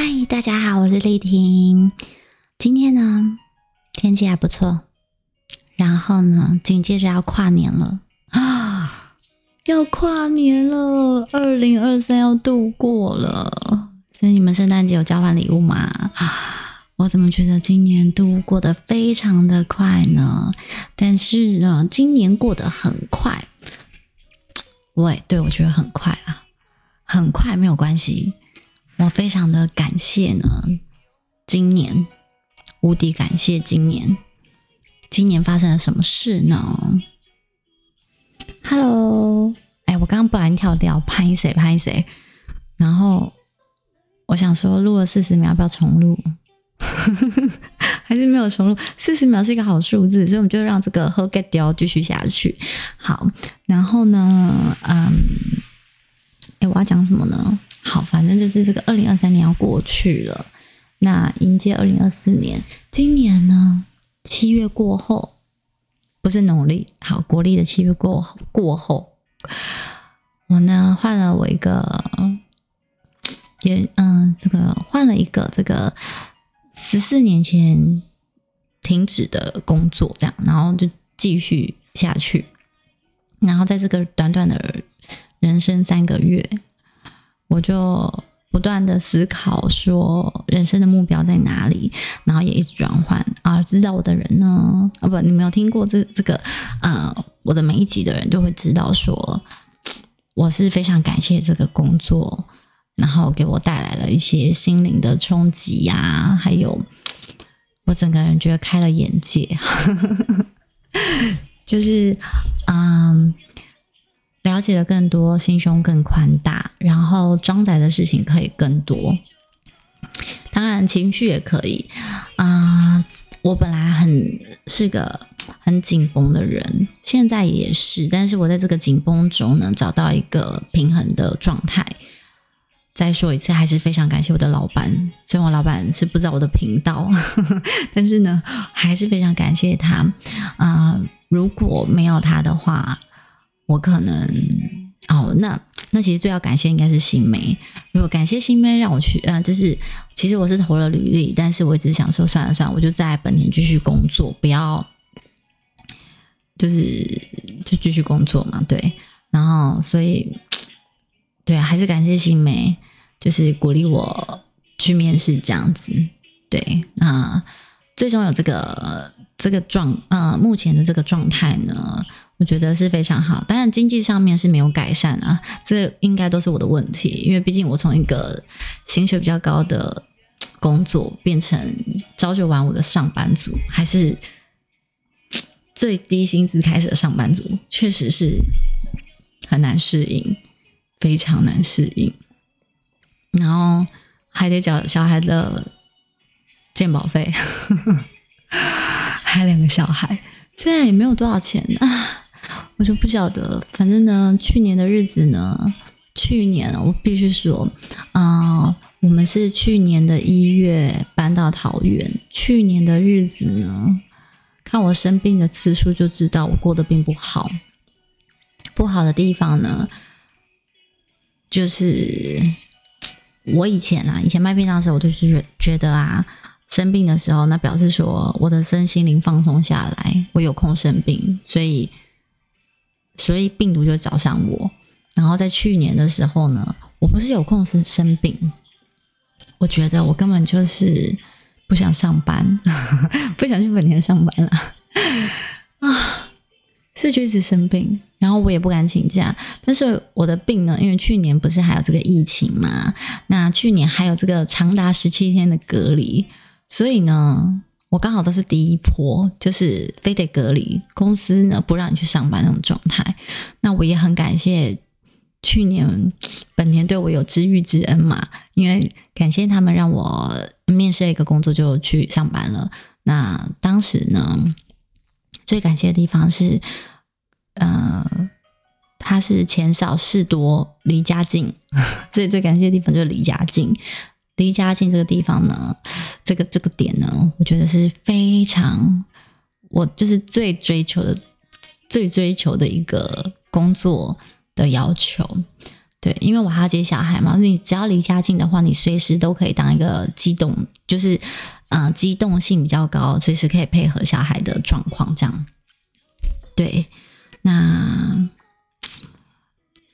嗨，Hi, 大家好，我是麗婷。今天呢，天氣還不錯。然後呢，緊接着要跨年了啊，要跨年了，二零二三要度過了。所以你們聖誕節有交換禮物嗎？啊，我怎麼覺得今年度過得非常的快呢？但是呢，今年過得很快。喂，對，我覺得很快啊，很快沒有關係。我非常的感謝呢，今年無敵感謝今年，今年發生了什麼事呢？哈嘍，哎、欸，我剛剛不小心跳掉，拍誰拍誰？然後我想說錄了四十秒，要不要重錄？ 還是沒有重錄？四十秒是一個好數字，所以我們就讓這個 hook 掉繼續下去。好，然後呢，嗯，哎、欸，我要講什麼呢？好，反正就是這個二零二三年要過去了，那迎接二零二四年。今年呢，七月過後，不是農曆，好，國曆的七月過後過後，我呢換了我一個，也嗯、呃，這個換了一個這個十四年前停止的工作，這樣，然後就繼續下去，然後在這個短短的人生三個月。我就不斷地思考說人生的目標在哪裡，然後也一直轉換啊。知道我的人呢，啊不，你沒有聽過這這個，呃、嗯，我的每一集的人就會知道說，我是非常感謝這個工作，然後給我帶來了一些心靈的衝擊呀、啊，還有我整個人覺得開了眼界， 就是嗯。了解的更多，心胸更寬大，然後裝載的事情可以更多。當然，情緒也可以。啊、呃，我本來很是個很緊繃的人，現在也是，但是我在這個緊繃中能找到一個平衡的狀態。再說一次，還是非常感謝我的老板。雖然我老板是不知道我的頻道，呵呵，但是呢，還是非常感謝他。啊、呃，如果沒有他的話。我可能哦，那那其實最要感謝應該是新梅。如果感謝新梅讓我去，呃，就是其實我是投了履歷，但是我只想說算了算了，我就在本年繼續工作，不要就是就繼續工作嘛，對。然後所以對啊，還是感謝新梅，就是鼓勵我去面試這樣子，對那。呃最終有這個這個狀呃，目前的這個狀態呢，我覺得是非常好。當然，經濟上面是沒有改善啊，這應該都是我的問題，因為畢竟我從一個薪水比較高的工作變成朝九晚五的上班族，還是最低薪資開始的上班族，確實是很難適應，非常難適應，然後還得找小孩的。健保費， 還有兩個小孩。現在也沒有多少錢啊！我就不曉得。反正呢，去年的日子呢，去年我必須說，啊、呃，我們是去年的一月搬到桃園。去年的日子呢，看我生病的次數就知道我過得並不好。不好的地方呢，就是我以前啊，以前賣便當的時候，我就覺覺得啊。生病的時候，那表示說我的身心靈放鬆下來，我有空生病，所以所以病毒就找上我。然後在去年的時候呢，我不是有空是生病，我覺得我根本就是不想上班， 不想去本田上班了啊，所以就一直生病，然後我也不敢請假。但是我的病呢，因為去年不是還有這個疫情嘛，那去年還有這個長達十七天的隔離。所以呢，我剛好都是第一波，就是非得隔離，公司呢不讓你去上班那種狀態。那我也很感謝去年本年對我有知遇之恩嘛，因為感謝他們讓我面試了一個工作就去上班了。那當時呢，最感謝的地方是，嗯、呃，他是錢少事多，離家近，最最感謝的地方就是離家近。離家近這個地方呢，這個這個點呢，我覺得是非常我就是最追求的、最追求的一個工作的要求。對，因為我還要接小孩嘛，你只要離家近的話，你隨時都可以當一個機動，就是嗯，機動性比較高，隨時可以配合小孩的狀況這樣。對，那。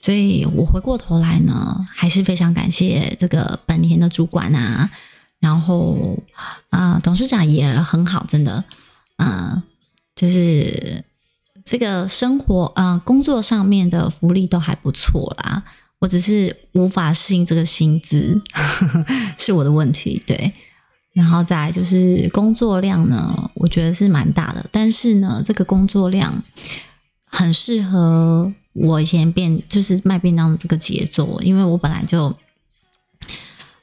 所以我回過頭來呢，還是非常感謝這個本田的主管啊，然後啊、呃，董事長也很好，真的，啊、呃。就是這個生活啊、呃，工作上面的福利都還不錯啦。我只是無法適應這個薪資， 是我的問題。對，然後再來就是工作量呢，我覺得是蠻大的，但是呢，這個工作量很適合。我以前便就是賣便當的這個節奏，因為我本來就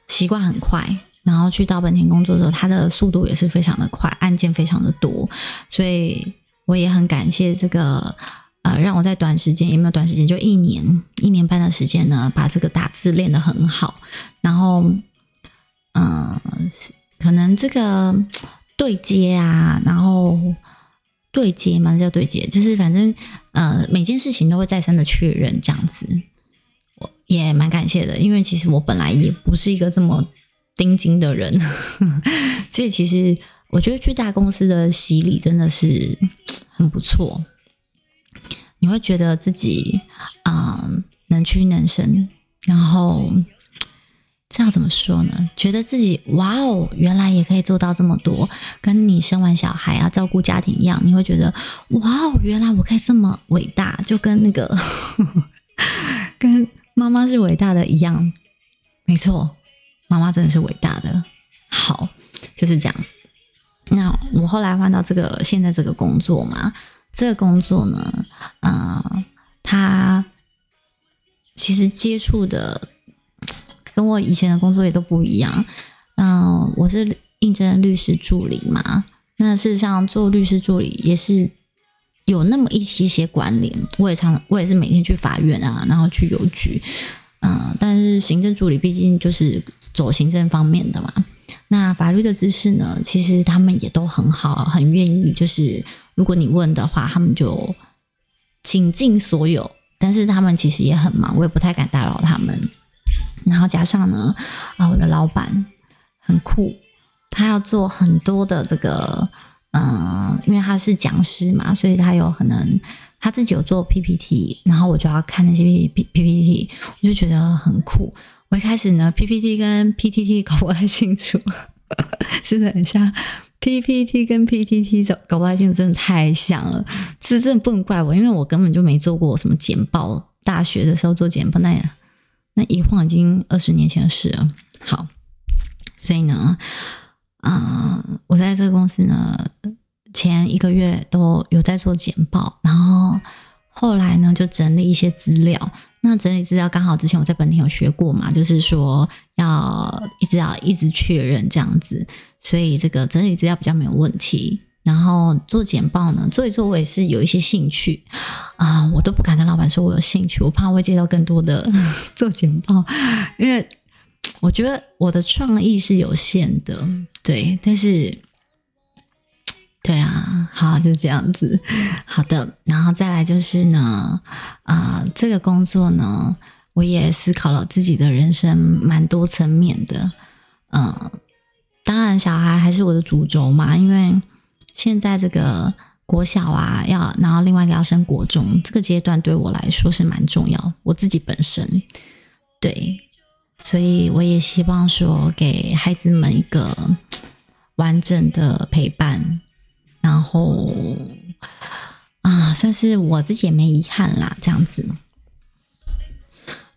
習慣很快，然後去到本田工作的時候，它的速度也是非常的快，按鍵非常的多，所以我也很感謝這個呃，讓我在短時間，有沒有短時間，就一年一年半的時間呢，把這個打字練得很好，然後，嗯、呃，可能這個對接啊，然後對接嘛，這叫對接，就是反正。呃，每件事情都會再三的確認，這樣子，我也蠻感謝的，因為其實我本來也不是一個這麼釘釘的人， 所以其實我覺得去大公司的洗禮真的是很不錯，你會覺得自己啊、呃、能屈能伸，然後。這要怎麼說呢？覺得自己哇哦，原來也可以做到這麼多，跟你生完小孩啊，照顧家庭一樣，你會覺得哇哦，原來我可以這麼偉大，就跟那個呵呵跟媽媽是偉大的一樣，沒錯，媽媽真的是偉大的。好，就是這樣。那我後來換到這個現在這個工作嘛，這個工作呢，嗯、呃，他其實接觸的。跟我以前的工作也都不一樣，嗯、呃，我是應徵律師助理嘛。那事實上做律師助理也是有那麼一些些關聯。我也常我也是每天去法院啊，然後去郵局，嗯、呃，但是行政助理畢竟就是走行政方面的嘛。那法律的知識呢，其實他們也都很好，很願意，就是如果你問的話，他們就傾盡所有。但是他們其實也很忙，我也不太敢打擾他們。然後加上呢，啊，我的老闆很酷，他要做很多的這個，嗯、呃，因為他是講師嘛，所以他有可能他自己有做 PPT，然後我就要看那些 P PP P PPT，我就覺得很酷。我一開始呢，PPT 跟 PTT 搞不太清楚， 真的很像 PPT 跟 PTT，搞搞不太清楚，真的太像了。這真的不能怪我，因為我根本就沒做過什麼簡報，大學的時候做簡報那那一晃已經二十年前的事了。好，所以呢，啊、嗯，我在這個公司呢，前一個月都有在做簡報，然後後來呢就整理一些資料。那整理資料剛好之前我在本體有學過嘛，就是說要一直要一直確認這樣子，所以這個整理資料比較沒有問題。然後做簡報呢，做一做我也是有一些興趣，啊、呃，我都不敢跟老闆說我有興趣，我怕我會接到更多的 做簡報，因為我覺得我的創意是有限的，對，但是，對啊，好，就這樣子，好的，然後再來就是呢，啊、呃，這個工作呢，我也思考了自己的人生蠻多層面的，嗯、呃，當然小孩還是我的主軸嘛，因為。現在這個國小啊，要然後另外一個要升國中，這個階段對我來說是蠻重要。我自己本身對，所以我也希望說給孩子們一個完整的陪伴，然後啊，算是我自己也沒遺憾啦，這樣子。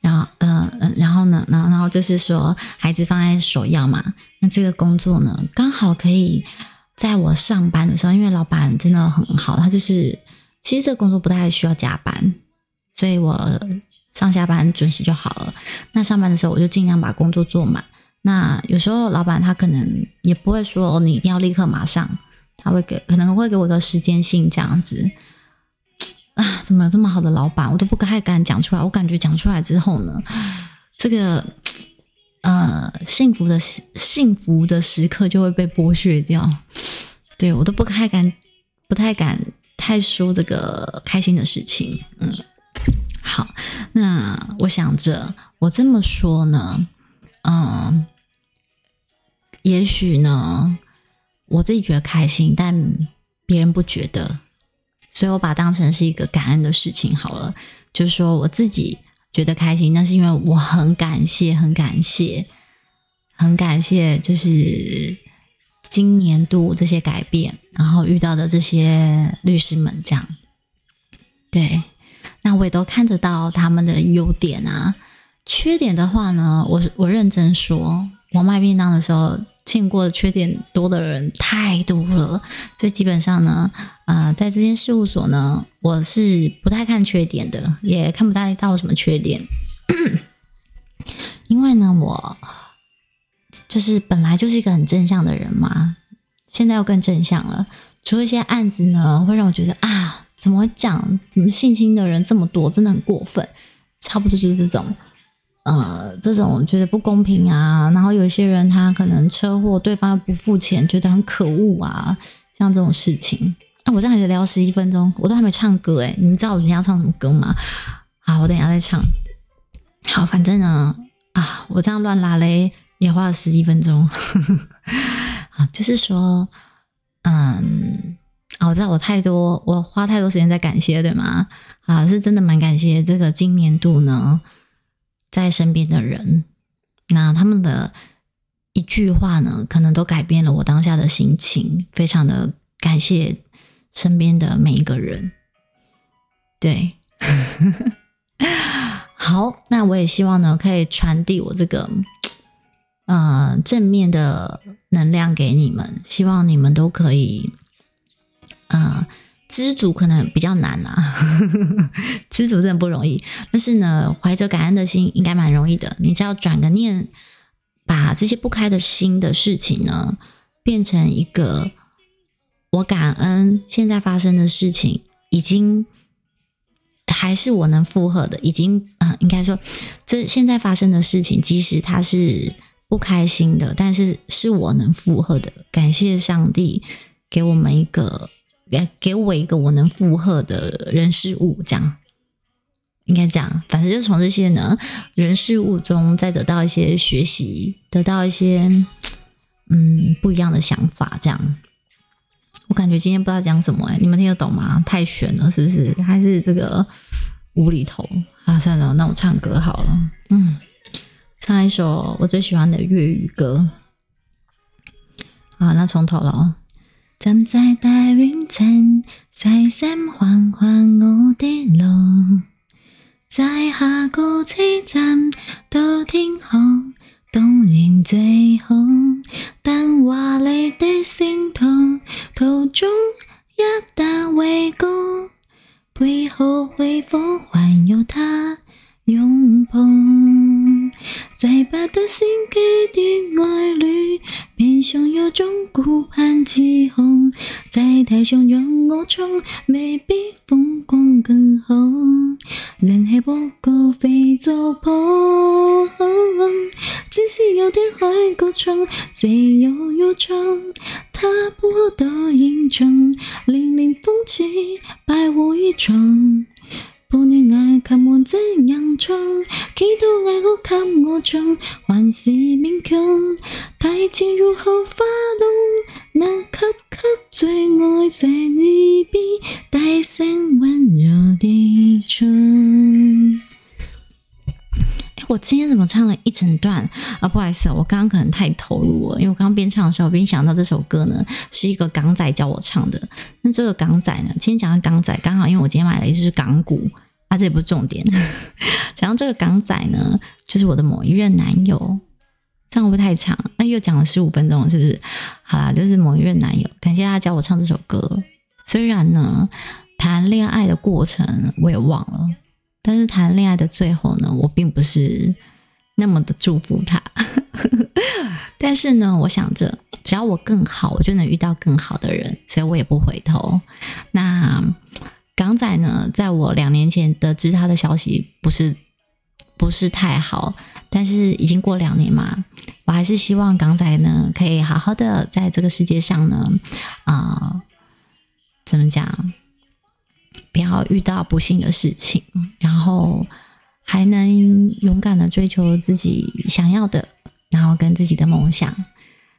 然後，嗯、呃、嗯、呃，然後呢，然後就是說孩子放在首要嘛，那這個工作呢，剛好可以。在我上班的時候，因為老闆真的很好，他就是其實這個工作不太需要加班，所以我上下班準時就好了。那上班的時候，我就盡量把工作做滿。那有時候老闆他可能也不會說你一定要立刻馬上，他會給可能會給我一個時間性這樣子。啊，怎麼有這麼好的老闆，我都不太敢講出來。我感覺講出來之後呢，這個。呃、嗯，幸福的幸福的時刻就會被剝削掉，對，我都不太敢，不太敢太說這個開心的事情。嗯，好，那我想着我這麼說呢，嗯，也許呢，我自己覺得開心，但別人不覺得，所以我把它當成是一個感恩的事情好了，就是說我自己。覺得開心，那是因為我很感謝，很感謝，很感謝，就是今年度這些改變，然後遇到的這些律師們，這樣。對，那我也都看得到他們的優點啊。缺點的話呢，我我認真說，我賣便當的時候。見過的缺點多的人太多了，所以基本上呢，呃，在這間事務所呢，我是不太看缺點的，也看不太到什麼缺點， 因為呢，我就是本來就是一個很正向的人嘛，現在又更正向了。除了一些案子呢，會讓我覺得啊，怎麼講，怎麼性侵的人這麼多，真的很過分，差不多就是這種。呃，這種覺得不公平啊，然後有些人他可能車禍，對方不付錢，覺得很可惡啊，像這種事情。那、啊、我這樣還是聊十一分鐘，我都還沒唱歌誒、欸、你們知道我今天要唱什麼歌嗎？好，我等一下再唱。好，反正呢，啊，我這樣亂拉嘞，也花了十一分鐘。啊， 就是說，嗯，啊，我知道我太多，我花太多時間在感謝，對嗎？啊，是真的蠻感謝這個今年度呢。在身邊的人，那他們的一句話呢，可能都改變了我當下的心情。非常的感謝身邊的每一個人。對， 好，那我也希望呢，可以傳遞我這個，呃，正面的能量給你們。希望你們都可以，呃知足可能比較難吶、啊，知足真的不容易。但是呢，懷着感恩的心應該蠻容易的。你只要轉個念，把這些不開的心的事情呢，變成一個我感恩現在發生的事情，已經還是我能負荷的。已經，嗯、呃，應該說，這現在發生的事情，即使它是不開心的，但是是我能負荷的。感謝上帝給我們一個。給給我一個我能負荷的人事物，這樣應該這樣。反正就從這些呢人事物中，再得到一些學習，得到一些嗯不一樣的想法。這樣，我感覺今天不知道講什麼哎、欸，你們聽得懂嗎？太玄了，是不是？還是這個無厘頭啊？好，算了，那我唱歌好了。嗯，唱一首我最喜歡的粵語歌。好，那從頭了啊。站在大丸前，細心看看我的路，再下個車站到天後，當然最好。任我唱，未必風光更好。人氣不過肥皂泡，即使有天開個唱，誰又要唱？他不可到現場，仍然仿似，白活一場。不戀愛教我怎樣唱，幾多愛歌給我唱，還是勉強。台前如何發亮，難及給最愛在耳邊低聲溫柔地唱。 我今天怎麼唱了一整段啊？不好意思、啊，我剛剛可能太投入了，因為我剛剛邊唱的時候邊想到這首歌呢，是一個港仔教我唱的。那這個港仔呢，今天講到港仔，剛好因為我今天買了一支港股，啊，這也不是重點。講 到這個港仔呢，就是我的某一任男友，這樣會不太長。那、欸、又講了十五分鐘，是不是？好啦，就是某一任男友，感謝他教我唱這首歌。雖然呢，談戀愛的過程我也忘了。但是談戀愛的最後呢，我並不是那麼的祝福他。 但是呢，我想着只要我更好，我就能遇到更好的人，所以我也不回頭。那港仔呢，在我兩年前得知他的消息，不是不是太好，但是已經過兩年嘛，我還是希望港仔呢，可以好好的在這個世界上呢，啊、呃，怎麼講？不要遇到不幸的事情，然後還能勇敢的追求自己想要的，然後跟自己的夢想。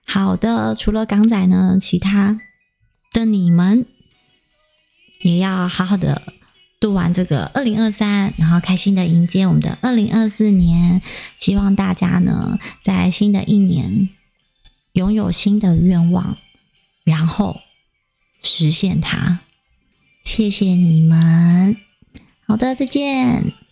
好的，除了港仔呢，其他的你們也要好好的度完這個二零二三，然後開心的迎接我們的二零二四年。希望大家呢，在新的一年擁有新的願望，然後實現它。謝謝你們。好的，再見。